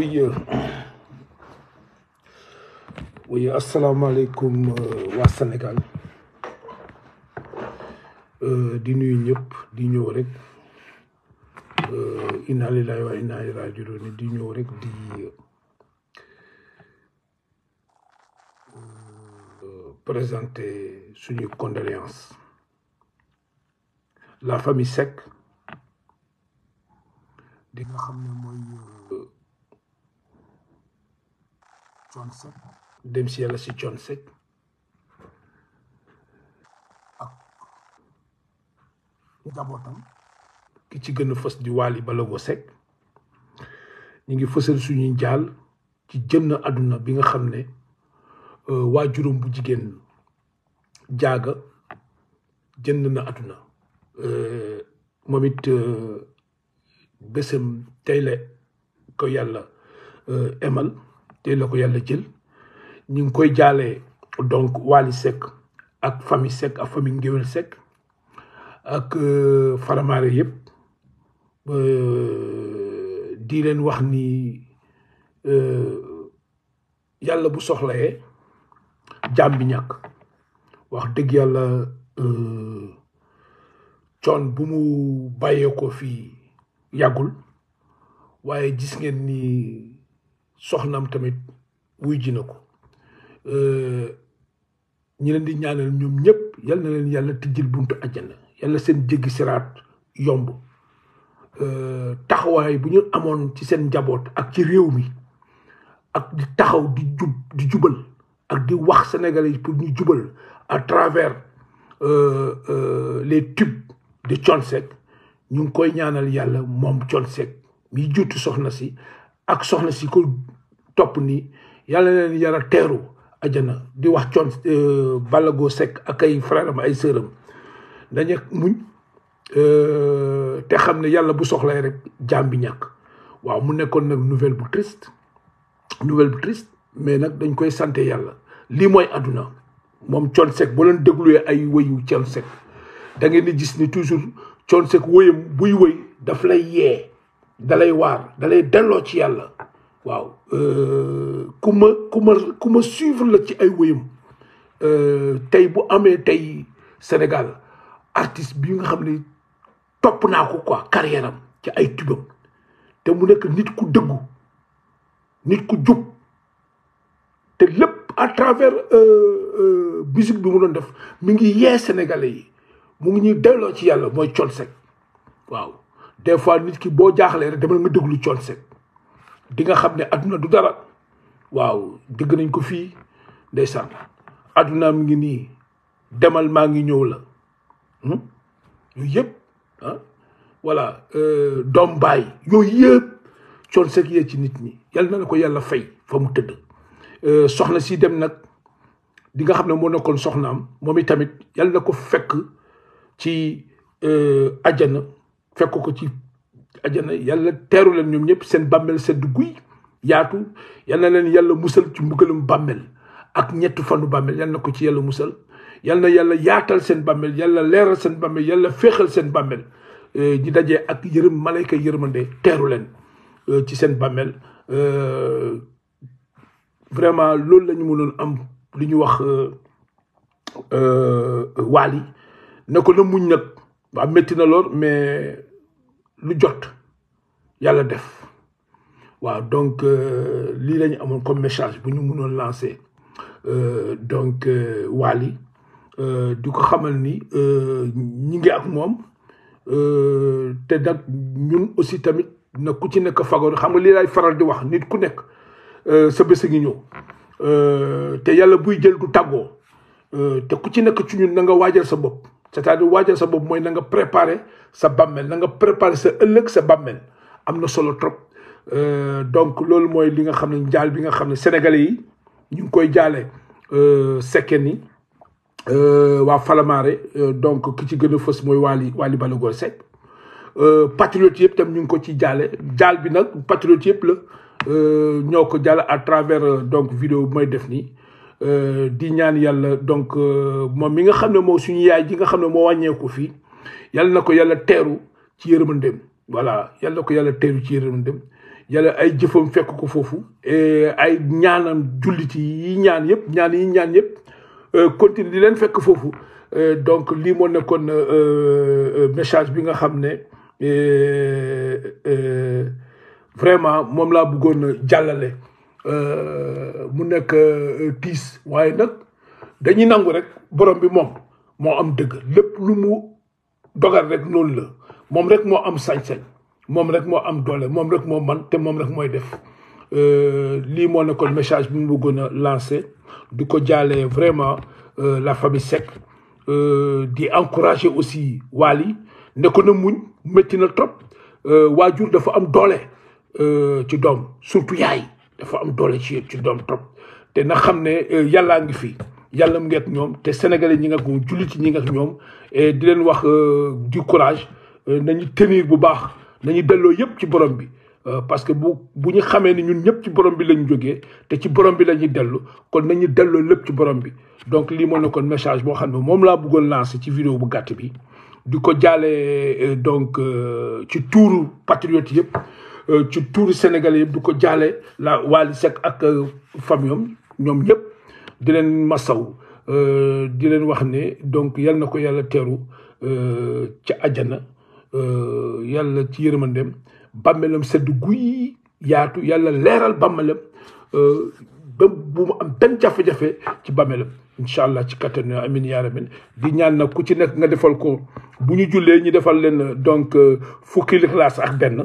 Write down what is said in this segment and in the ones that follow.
oui euh, oui alaikum, euh, wa Sénégal euh, di nuyu ñëpp di ñëw rek inna lillahi wa inna raji'un di rek di présenter condoléance la famille sec. dem si yàlla si Thione Seck ak njabootam ki ci gën a fës di Wally Ballago Seck ñu ngi fësal suñuy jaal ci jëm na àdduna bi nga xam ne euh, waajuram bu jigéen jaaga jën na àdduna euh, moom it euh, bésam ko yàlla emal te la yàlla jël ñu ngi koy jaalee donc Wally Seck ak famille sekk ak famille Ngéwél Seck ak euh, faramaare yëpp euh, di leen wax ni euh, yàlla bu soxlayee jaam bi ñàkk wax dëgg yàlla coon bu mu bàyyee ko fii yàggul waaye gis ngeen soxnaam tamit wuy ji na ko euh, ñi leen di ñaanal ñoom ñëpp yal na leen yàlla tijjil buntu àjjana yàlla seen jéggi siraat yomb euh, taxawaay bu ñu amoon ci seen njaboot ak ci réew mi ak di taxaw di jub di jubal ak di wax sénégalais pour ñu jubal à travers euh, les tubes de Thione Seck ñu ngi koy ñaanal yàlla moom Thione mi juutu soxna si ak soxna si ko top teru yalla leen yàlla teeru ajana di wax coon euh, balago sek ak ay frère ay sœuram dañe muñ euh, te xamne yalla bu soxla rek jambi ñak waaw mu nekkon nak nouvelle bu triste nouvelle bu triste mais nak dañ koy santé yalla li moy aduna mom coon sek boo leen dégluwee ay wëyu coon sek da ngeen ni gis ni toujours coon sec wëyam buy wëy daf lay dalay waar dalay delloo ci yàlla waaw euh, ku ma ku ma suivre la ci ay wéyam euh, tey bu amee tey Sénégal artiste bi nga xam ni topp naa ko quoi carrière ci ay tubam te mu nekk nit ku dëggu nit ku jub te lépp à travers euh, musique bi mu doon def mi ngi yee sénégalais yi mu ngi ñuy delloo ci yàlla mooy Thione waaw des fois nit ki bo jaxlé rek dama nga deglu Thione Seck di nga xamné aduna du dara waaw dégg nañ ko fi ndeysaan aduna mi ngi ni demal ma ngi ñew la hmm? yooyu yeb ah voilà euh, doom baay yooyu yëpp Thione Seck yee ci nit ñi yalla na ko yalla fay fa mu euh soxna si dem nak di nga xamné mo nekkon soxnam momi tamit yalla na ko fekk ci ajana euh, fekk ko ci ajana yàlla teeru leen ñoom ñëpp seen bàmmeel sedd guy yaatu yal leen yàlla musal ci mbugalum bàmmeel ak ñett fanu bàmmeel yal na ko ci yàlla musal yal yàlla yaatal seen bàmmeel yàlla leeral seen bàmmeel yàlla féexal seen bàmmeel di euh, dajee ak yërëm malayka yërmande teeru leen euh, ci seen bàmmeel euh, vraiment loolu lañu ñu mënoon am li ñu wax waali na ko na muñ nag je metti na lor mais lu jot yalla def wa donc li y amone message pour nous lancer euh, donc euh, wali euh, du ko xamal ni ak aussi tamit na ku ci nek xam nga lay faral di jël du ku ci c'est-à-dire waajal sa bopp mooy na nga préparer sa bàmmeel na préparer sa ëllëg sa bàmmeel am na solo trop euh, donc loolu mooy li nga xam ne jaal bi nga xam ne sénégalais yi ñu ngi koy jaale euh, Seckène yi euh, waa Falamare donc ki ci gën a fës mooy Wally Wally Ballago Seck patriote yëpp tam ñu ngi ko ci jaale jaal bi nag patriote yëpp la ñoo ko jaale à travers donc vidéo mooy def nii Euh, di ñaan yàlla donc euh, moom mi nga xam ne moo suñu yaay ji nga xam ne moo wàññeeku fii yàlla na ko yàlla teeru ci yërmandem voilà yàlla na ko yàlla teeru ci yërmandem yàlla ay jëfam fekk ko foofu ay ñaanam jullit yi ñaan yëpp ñaan yi ñaan yëpp euh, continue di leen fekk foofu donc lii moo nekkoon message bi nga xam ne vraiment moom laa bëggoon jàllale Euh, mu nekk euh, tiis waaye nag dañuy nangu rek borom bi moom moo am dëgg lépp lu mu dogal rek la rek am sañ-sañ rek def message vraiment euh, la famille sec di aussi wali ne ko na muñ dafa am doole ci ci doom top te na xam ne euh, yàllaa ngi fi yàlla mu ngi ak ñoom te sénégalais ñi nga ak moom jullit ñi nga ñoom di leen wax euh, du courage euh, nañu tenir bu baax nañu delloo yépp ci borom bi. parce que bu bu ñu xamee ni ñun ñëpp ci borom bi lañu jógee te ci borom bi lañu ñuy dellu kon nañu delloo lépp ci borom bi donc lii moo nekkoon message boo xam ne moom laa bëggoon lancer ci vidéo bu gàtt bi di ko jaalee donc ci tour patriote yépp Euh, ci tuuru Sénégal yëpp du ko jaale la Wally Seck ak euh, famille ñoom ñëpp di leen masaw euh, di leen wax ne donc yal na ko yàlla teeru ci àjjana yàlla ci yërmandeem bàmmeelam sedd guy yaatu yàlla leeral bàmmeelam ba bu mu ci bàmmeelam incha allah ci kattan amin yaa rabbi di ñaan nag ku ci nekk nga defal ko bu ñu jullee ñu defal leen donc fukki lixlaas ak benn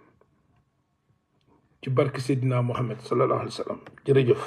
ci barke Seydina Mohamed sallallahu alayhi wa sallam jërëjëf.